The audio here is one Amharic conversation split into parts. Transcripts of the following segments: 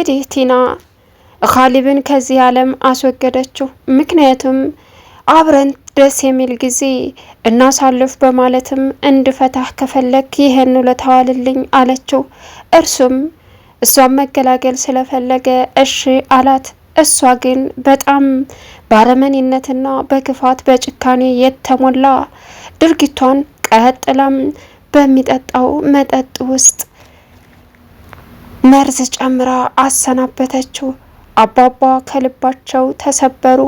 እንግዲህ ቲና ኻሊብን ከዚህ ዓለም አስወገደችው። ምክንያቱም አብረን ደስ የሚል ጊዜ እናሳልፍ በማለትም እንድፈታህ ከፈለግ ይህን ውለታ ዋልልኝ አለችው። እርሱም እሷን መገላገል ስለፈለገ እሺ አላት። እሷ ግን በጣም ባረመኔነትና በክፋት በጭካኔ የተሞላ ድርጊቷን ቀጥላም በሚጠጣው መጠጥ ውስጥ መርዝ ጨምራ አሰናበተችው። አባባ ከልባቸው ተሰበሩ።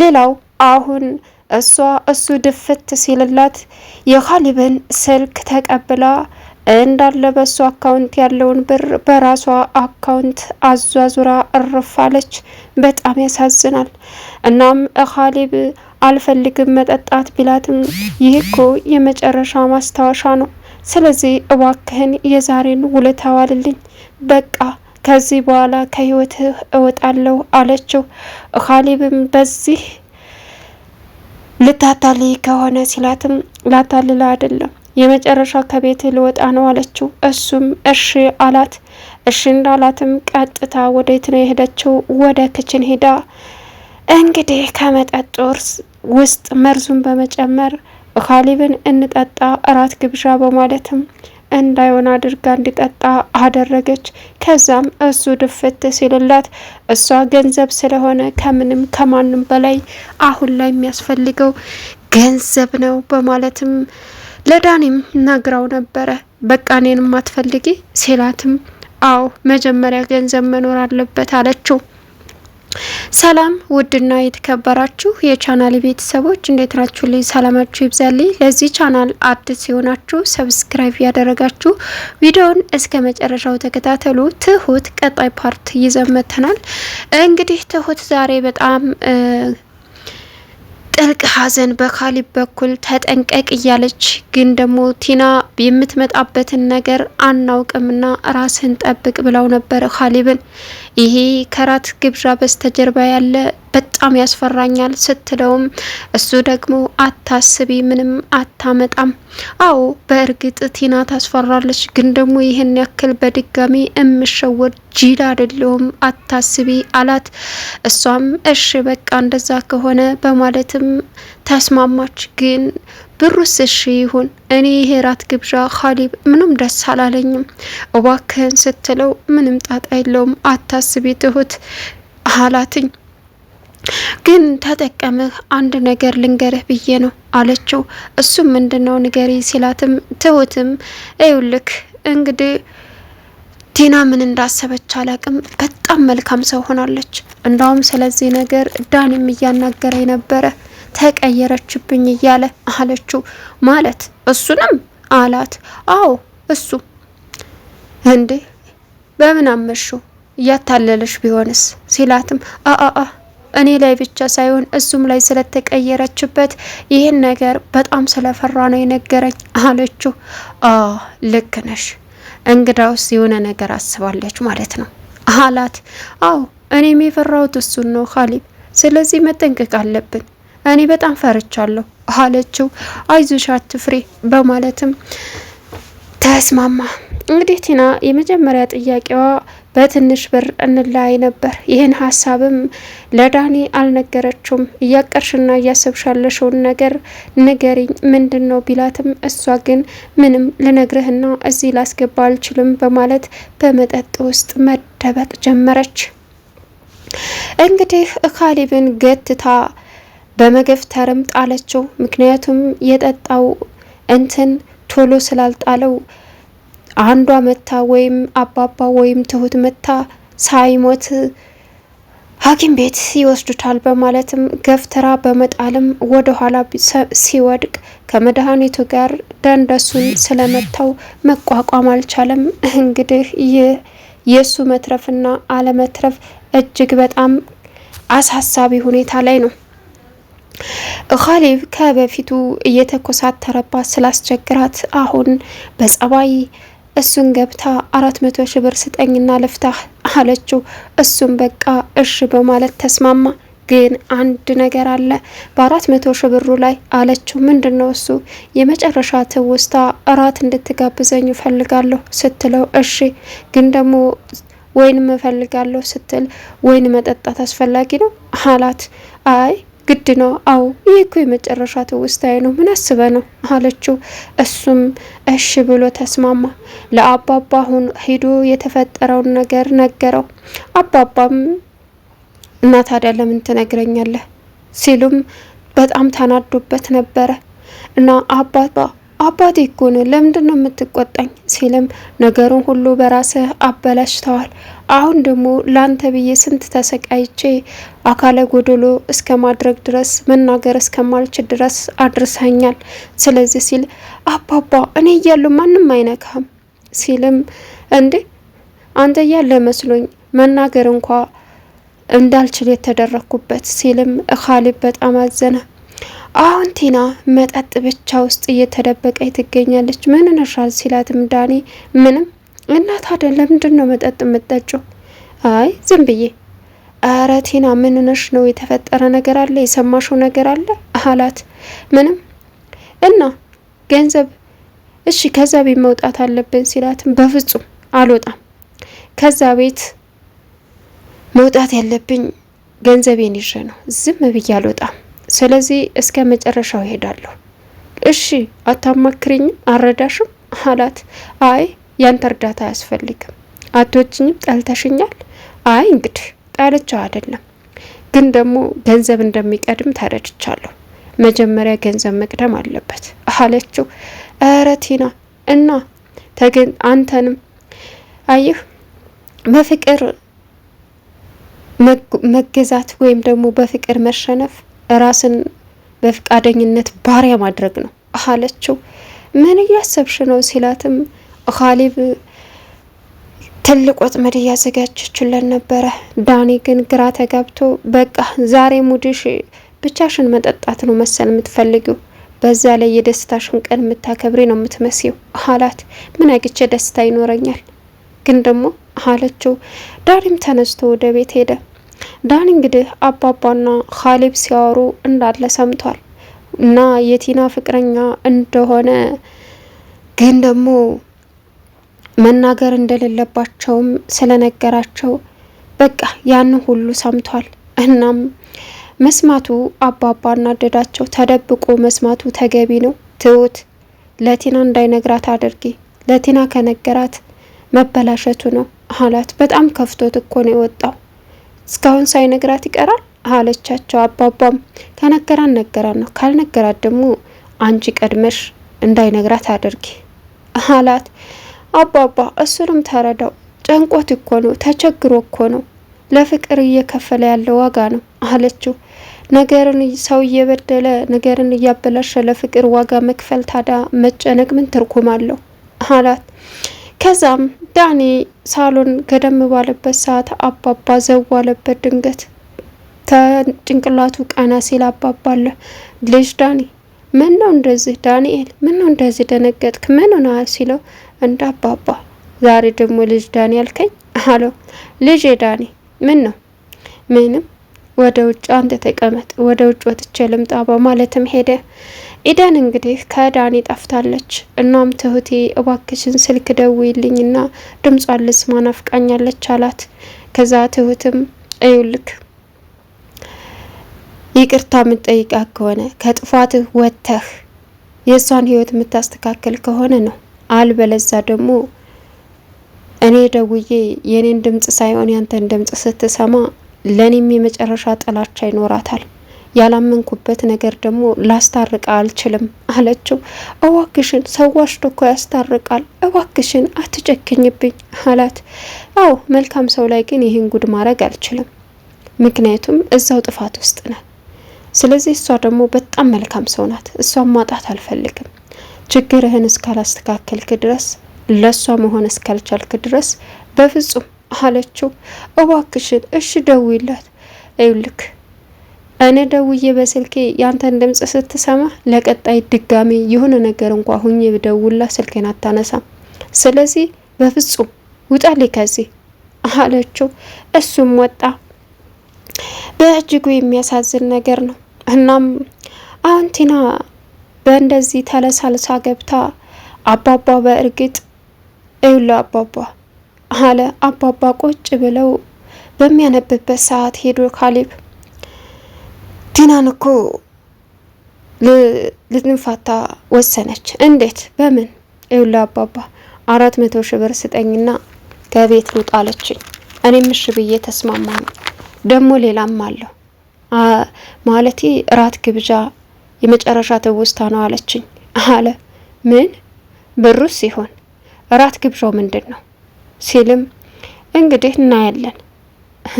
ሌላው አሁን እሷ እሱ ድፍት ሲልላት የካሊብን ስልክ ተቀብላ እንዳለ በእሱ አካውንት ያለውን ብር በራሷ አካውንት አዟዙራ እርፋለች። በጣም ያሳዝናል። እናም ኻሊብ አልፈልግም መጠጣት ቢላትም ይህ እኮ የመጨረሻ ማስታወሻ ነው። ስለዚህ እባክህን የዛሬን ውለታ ዋልልኝ በቃ ከዚህ በኋላ ከህይወት እወጣለሁ አለችው። ኻሊብም በዚህ ልታታል ከሆነ ሲላትም ላታልል አይደለም የመጨረሻ ከቤት ልወጣ ነው አለችው። እሱም እሺ አላት። እሺ እንዳላትም ቀጥታ ወዴት ነው የሄደችው? ወደ ክችን ሄዳ እንግዲህ ከመጠጥ ጦርስ ውስጥ መርዙን በመጨመር ኻሊብን እንጠጣ እራት ግብዣ በማለትም እንዳይሆን አድርጋ እንዲጠጣ አደረገች። ከዛም እሱ ድፍት ሲልላት እሷ ገንዘብ ስለሆነ ከምንም ከማንም በላይ አሁን ላይ የሚያስፈልገው ገንዘብ ነው በማለትም ለዳኒም ነግራው ነበረ። በቃ እኔንም አትፈልጊ ሲላትም አዎ መጀመሪያ ገንዘብ መኖር አለበት አለችው። ሰላም ውድና የተከበራችሁ የቻናል ቤተሰቦች እንዴት ናችሁ? ልጅ ሰላማችሁ ይብዛልኝ። ለዚህ ቻናል አዲስ ሆናችሁ ሰብስክራይብ ያደረጋችሁ ቪዲዮውን እስከ መጨረሻው ተከታተሉ። ትሁት ቀጣይ ፓርት ይዘመተናል። እንግዲህ ትሁት ዛሬ በጣም ጥልቅ ሐዘን በካሊብ በኩል ተጠንቀቅ እያለች ግን ደግሞ ቲና የምትመጣበትን ነገር አናውቅምና ራስን ጠብቅ ብለው ነበረ ካሊብን ይሄ ከራት ግብዣ በስተጀርባ ያለ በጣም ያስፈራኛል ስትለውም እሱ ደግሞ አታስቢ፣ ምንም አታመጣም። አዎ በእርግጥ ቲና ታስፈራለች፣ ግን ደግሞ ይህን ያክል በድጋሚ የምሸወድ ጅል አይደለሁም፣ አታስቢ አላት። እሷም እሺ በቃ እንደዛ ከሆነ በማለትም ተስማማች ግን ብሩስ እሺ ይሁን፣ እኔ ይሄ ራት ግብዣ ካሊብ ምንም ደስ አላለኝም፣ እባክህን ስትለው ምንም ጣጣ የለውም አታስቢ ትሁት አላትኝ ግን ተጠቀምህ አንድ ነገር ልንገርህ ብዬ ነው አለችው። እሱም ምንድነው ንገሪ ሲላትም ትሁትም ይውልክ እንግዲህ ቲና ምን እንዳሰበች አላቅም፣ በጣም መልካም ሰው ሆናለች። እንዳውም ስለዚህ ነገር ዳንም እያናገረ ነበረ። ተቀየረችብኝ እያለ አለችው። ማለት እሱንም አላት። አዎ እሱ እንዴ በምን አመሹ እያታለለሽ ቢሆንስ ሲላትም አአአ እኔ ላይ ብቻ ሳይሆን እሱም ላይ ስለተቀየረችበት ይህን ነገር በጣም ስለፈራ ነው የነገረኝ አለችው። አ ልክ ነሽ፣ እንግዳውስ የሆነ ነገር አስባለች ማለት ነው አላት። አዎ እኔም የፈራሁት እሱን ነው ካሊብ፣ ስለዚህ መጠንቀቅ አለብን እኔ በጣም ፈርቻለሁ አለችው። አይዞሽ አትፍሬ በማለትም ተስማማ። እንግዲህ ቲና የመጀመሪያ ጥያቄዋ በትንሽ ብር እንለያይ ነበር። ይህን ሀሳብም ለዳኒ አልነገረችውም። እያቀርሽና እያሰብሻለሽውን ነገር ንገሪኝ ምንድን ነው ቢላትም እሷ ግን ምንም ልነግርህና እዚህ ላስገባ አልችልም በማለት በመጠጥ ውስጥ መደበቅ ጀመረች። እንግዲህ ካሊብን ገትታ በመገፍተርም ጣለችው። ምክንያቱም የጠጣው እንትን ቶሎ ስላልጣለው አንዷ መታ ወይም አባባ ወይም ትሁት መታ ሳይሞት ሐኪም ቤት ይወስዱታል በማለትም ገፍተራ በመጣልም ወደ ኋላ ሲወድቅ ከመድኃኒቱ ጋር ደንደሱን ስለመታው መቋቋም አልቻለም። እንግዲህ ይህ የእሱ መትረፍና አለመትረፍ እጅግ በጣም አሳሳቢ ሁኔታ ላይ ነው። ካሌብ ከበፊቱ እየተኮሳተረባት ስላስቸግራት አሁን በጸባይ እሱን ገብታ አራት መቶ ሺ ብር ስጠኝና ልፍታህ አለችው። እሱም በቃ እሽ በማለት ተስማማ። ግን አንድ ነገር አለ በአራት መቶ ሺ ብሩ ላይ አለችው። ምንድን ነው እሱ? የመጨረሻ ትውስታ እራት እንድትጋብዘኝ እፈልጋለሁ ስትለው፣ እሺ ግን ደግሞ ወይን እፈልጋለሁ ስትል፣ ወይን መጠጣት አስፈላጊ ነው አላት። አይ ግድ ነው። አዎ ይህ እኮ የመጨረሻ ትውስታዬ ነው፣ ምን አስበ ነው አለችው። እሱም እሺ ብሎ ተስማማ። ለአባባ አሁን ሂዶ የተፈጠረውን ነገር ነገረው። አባባም እና ታዲያ ለምን ትነግረኛለህ ሲሉም በጣም ተናዶበት ነበረ እና አባባ አባቴ እኮ ነው ለምንድን ነው የምትቆጣኝ? ሲልም ነገሩን ሁሉ በራስህ አበላሽተዋል። አሁን ደግሞ ላንተ ብዬ ስንት ተሰቃይቼ አካለ ጎደሎ እስከ ማድረግ ድረስ መናገር እስከማልችል ድረስ አድርሰኛል። ስለዚህ ሲል አባባ እኔ እያሉ ማንም አይነካም ሲልም እንዴ አንተ እያለ መስሎኝ መናገር እንኳ እንዳልችል የተደረግኩበት ሲልም እኻሊብ በጣም አዘነ። አሁን ቲና መጠጥ ብቻ ውስጥ እየተደበቀች ትገኛለች። ምን ነሻል ሲላትም ዳኔ ምንም እናት አይደለም ለምንድን ነው መጠጥ የምጠጪው? አይ ዝም ብዬ። አረ ቲና ምን ነሽ ነው? የተፈጠረ ነገር አለ? የሰማሽው ነገር አለ አላት። ምንም እና ገንዘብ እሺ፣ ከዛ ቤት መውጣት አለብን ሲላትም በፍጹም አልወጣም። ከዛ ቤት መውጣት ያለብኝ ገንዘቤን ይዤ ነው። ዝም ብዬ አልወጣም ስለዚህ እስከ መጨረሻው ይሄዳለሁ እሺ አታማክሪኝም? አረዳሽም አላት። አይ ያንተ እርዳታ አያስፈልግም። አቶችኝም ጠልተሽኛል። አይ እንግዲህ ጣለችው አይደለም ግን ደግሞ ገንዘብ እንደሚቀድም ተረድቻለሁ። መጀመሪያ ገንዘብ መቅደም አለበት አለችው። እረ ቲና እና ተገን አንተንም አየህ በፍቅር መገዛት ወይም ደግሞ በፍቅር መሸነፍ ራስን በፍቃደኝነት ባሪያ ማድረግ ነው አለችው። ምን እያሰብሽ ነው ሲላትም ኻሊብ ትልቅ ወጥመድ እያዘጋጀችለን ነበረ። ዳኒ ግን ግራ ተጋብቶ በቃ ዛሬ ሙድሽ ብቻሽን መጠጣት ነው መሰል የምትፈልጊው፣ በዛ ላይ የደስታሽን ቀን የምታከብሬ ነው የምትመስየው አላት። ምን አግቼ ደስታ ይኖረኛል ግን ደግሞ አለችው። ዳኒም ተነስቶ ወደ ቤት ሄደ። ዳን እንግዲህ አባባና ካሌብ ሲያወሩ እንዳለ ሰምቷል እና የቲና ፍቅረኛ እንደሆነ ግን ደግሞ መናገር እንደሌለባቸውም ስለነገራቸው በቃ ያን ሁሉ ሰምቷል። እናም መስማቱ አባባ እናደዳቸው። ተደብቆ መስማቱ ተገቢ ነው። ትሁት ለቲና እንዳይነግራት አድርጊ፣ ለቲና ከነገራት መበላሸቱ ነው አላት። በጣም ከፍቶት እኮ ነው የወጣው እስካሁን ሳይነግራት ይቀራል አለቻቸው። አባባም ከነገራን ነገራን ነው፣ ካልነገራት ደግሞ አንቺ ቀድመሽ እንዳይነግራት አድርጊ አላት። አባባ እሱንም ተረዳው። ጨንቆት እኮ ነው፣ ተቸግሮ እኮ ነው፣ ለፍቅር እየከፈለ ያለው ዋጋ ነው አለችው። ነገርን ሰው እየበደለ ነገርን እያበላሸ ለፍቅር ዋጋ መክፈል ታዳ መጨነቅ ምን ትርጉም አለው አላት። ከዛም ዳኒ ሳሎን ገደም ባለበት ሰዓት አባባ ዘው አለበት። ድንገት ጭንቅላቱ ቀና ሲል አባባ አለ። ልጅ ዳኒ ምን ነው እንደዚህ ዳንኤል ምን ነው እንደዚህ ደነገጥክ? ምን ሆነሃል? ሲለው እንደ አባባ ዛሬ ደግሞ ልጅ ዳኒ አልከኝ አለው። ልጄ ዳኒ ምን ነው? ምንም ወደ ውጭ አንተ ተቀመጥ፣ ወደ ውጭ ወጥቼ ልምጣ በማለትም ሄደ። ኢደን እንግዲህ ከዳኒ ጠፍታለች። እናም ትሁቴ እባክሽን ስልክ ደውይልኝና ድምጿን ልስማ ናፍቃኛለች አላት። ከዛ ትሁትም እዩልክ ይቅርታ ምንጠይቃ ከሆነ ከጥፋትህ ወጥተህ የእሷን ህይወት የምታስተካከል ከሆነ ነው፣ አልበለዛ ደግሞ እኔ ደውዬ የኔን ድምጽ ሳይሆን ያንተን ድምጽ ስትሰማ ለእኔም የመጨረሻ ጥላቻ ይኖራታል። ያላመንኩበት ነገር ደግሞ ላስታርቃ አልችልም አለችው። እባክሽን ሰዋሽ ዶኮ ያስታርቃል፣ እባክሽን አትጨክኝብኝ አላት። አዎ መልካም ሰው ላይ ግን ይህን ጉድ ማድረግ አልችልም፣ ምክንያቱም እዛው ጥፋት ውስጥ ነን። ስለዚህ እሷ ደግሞ በጣም መልካም ሰው ናት። እሷን ማጣት አልፈልግም። ችግርህን እስካላስተካከልክ ድረስ፣ ለእሷ መሆን እስካልቻልክ ድረስ በፍጹም አለችው። እባክሽን እሺ ደውይላት ይውልክ እኔ ደውዬ በስልኬ ያንተን ድምጽ ስትሰማ ለቀጣይ ድጋሜ የሆነ ነገር እንኳ ሁኝ ብደውላ ስልኬን አታነሳም። ስለዚህ በፍጹም ውጣሌ ከዚህ አለችው። እሱም ወጣ። በእጅጉ የሚያሳዝን ነገር ነው። እናም አሁን ቲና በእንደዚህ ተለሳልሳ ገብታ አባባ በእርግጥ እዩላ አባባ አለ። አባባ ቁጭ ብለው በሚያነብበት ሰዓት ሄዶ ካሊብ ቲናን እኮ ልትንፋታ ወሰነች። እንዴት በምን? ይኸውልህ አባባ አራት መቶ ሺህ ብር ስጠኝና ከቤት ልውጣ አለችኝ። እኔም ምሽ ብዬ ተስማማኝ። ደግሞ ሌላም አለሁ ማለት እራት ግብዣ የመጨረሻ ትውስታ ነው አለችኝ አለ። ምን ብሩስ ሲሆን ራት ግብዣው ምንድን ነው ሲልም እንግዲህ እናያለን።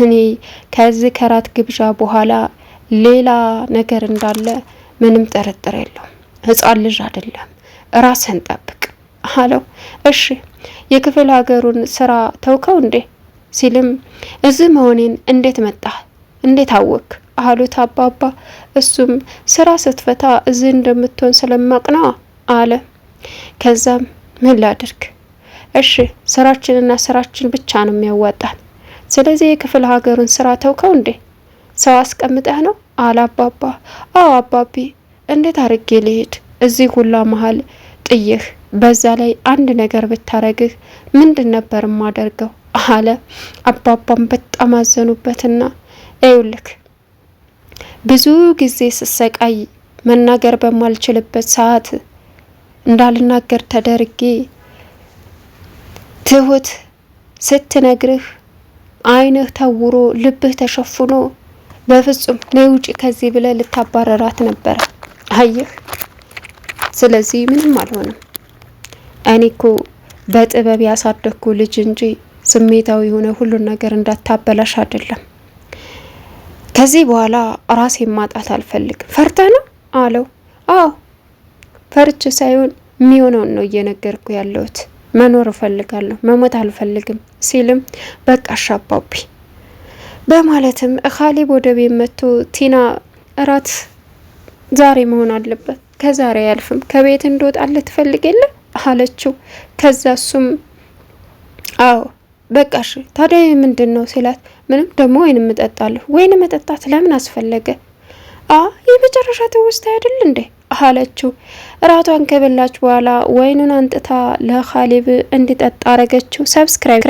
እኔ ከዚህ ከራት ግብዣ በኋላ ሌላ ነገር እንዳለ ምንም ጥርጥር የለውም። ህፃን ልጅ አይደለም። ራስን ጠብቅ አለው። እሺ የክፍል ሀገሩን ስራ ተውከው እንዴ ሲልም እዚህ መሆኔን እንዴት መጣ እንዴት አወክ? አሉት አባባ። እሱም ስራ ስትፈታ እዚህ እንደምትሆን ስለማቅ አለ። ከዛም ምን ላድርግ? እሺ ስራችንና ስራችን ብቻ ነው የሚያዋጣን። ስለዚህ የክፍለ ሀገሩን ስራ ተውከው እንዴ ሰው አስቀምጠህ ነው አለ አባባ። አዎ አባቢ፣ እንዴት አርጌ ልሄድ እዚህ ሁላ መሀል ጥይህ፣ በዛ ላይ አንድ ነገር ብታረግህ ምንድን ነበር ማደርገው አለ። አባባም በጣም አዘኑበትና ይውልክ ብዙ ጊዜ ስሰቃይ መናገር በማልችልበት ሰዓት እንዳልናገር ተደርጌ ትሁት ስትነግርህ አይንህ ተውሮ ልብህ ተሸፍኖ በፍጹም ነይ ውጪ ከዚህ ብለ ልታባረራት ነበረ። አየህ፣ ስለዚህ ምንም አልሆነም። እኔ እኮ በጥበብ ያሳደግኩ ልጅ እንጂ ስሜታዊ የሆነ ሁሉን ነገር እንዳታበላሽ አይደለም። ከዚህ በኋላ ራሴ ማጣት አልፈልግም። ፈርተ ነው አለው። አዎ ፈርች ሳይሆን የሚሆነውን ነው እየነገርኩ ያለሁት። መኖር እፈልጋለሁ፣ መሞት አልፈልግም ሲልም በቃ አሻባቢ በማለትም ካሌብ ወደ ቤት መጥቶ ቲና እራት ዛሬ መሆን አለበት፣ ከዛሬ አያልፍም፣ ከቤት እንደወጣ ልትፈልግ የለ አለችው። ከዛ እሱም አዎ በቃሽ ታዲያ ምንድን ነው ሲላት፣ ምንም ደግሞ ወይን እጠጣለሁ። ወይን መጠጣት ለምን አስፈለገ? አ የመጨረሻ ትውስታ አይደል እንዴ አለችው። እራቷን ከበላች በኋላ ወይኑን አንጥታ ለካሌብ እንዲጠጣ አረገችው። ሰብስክራይብ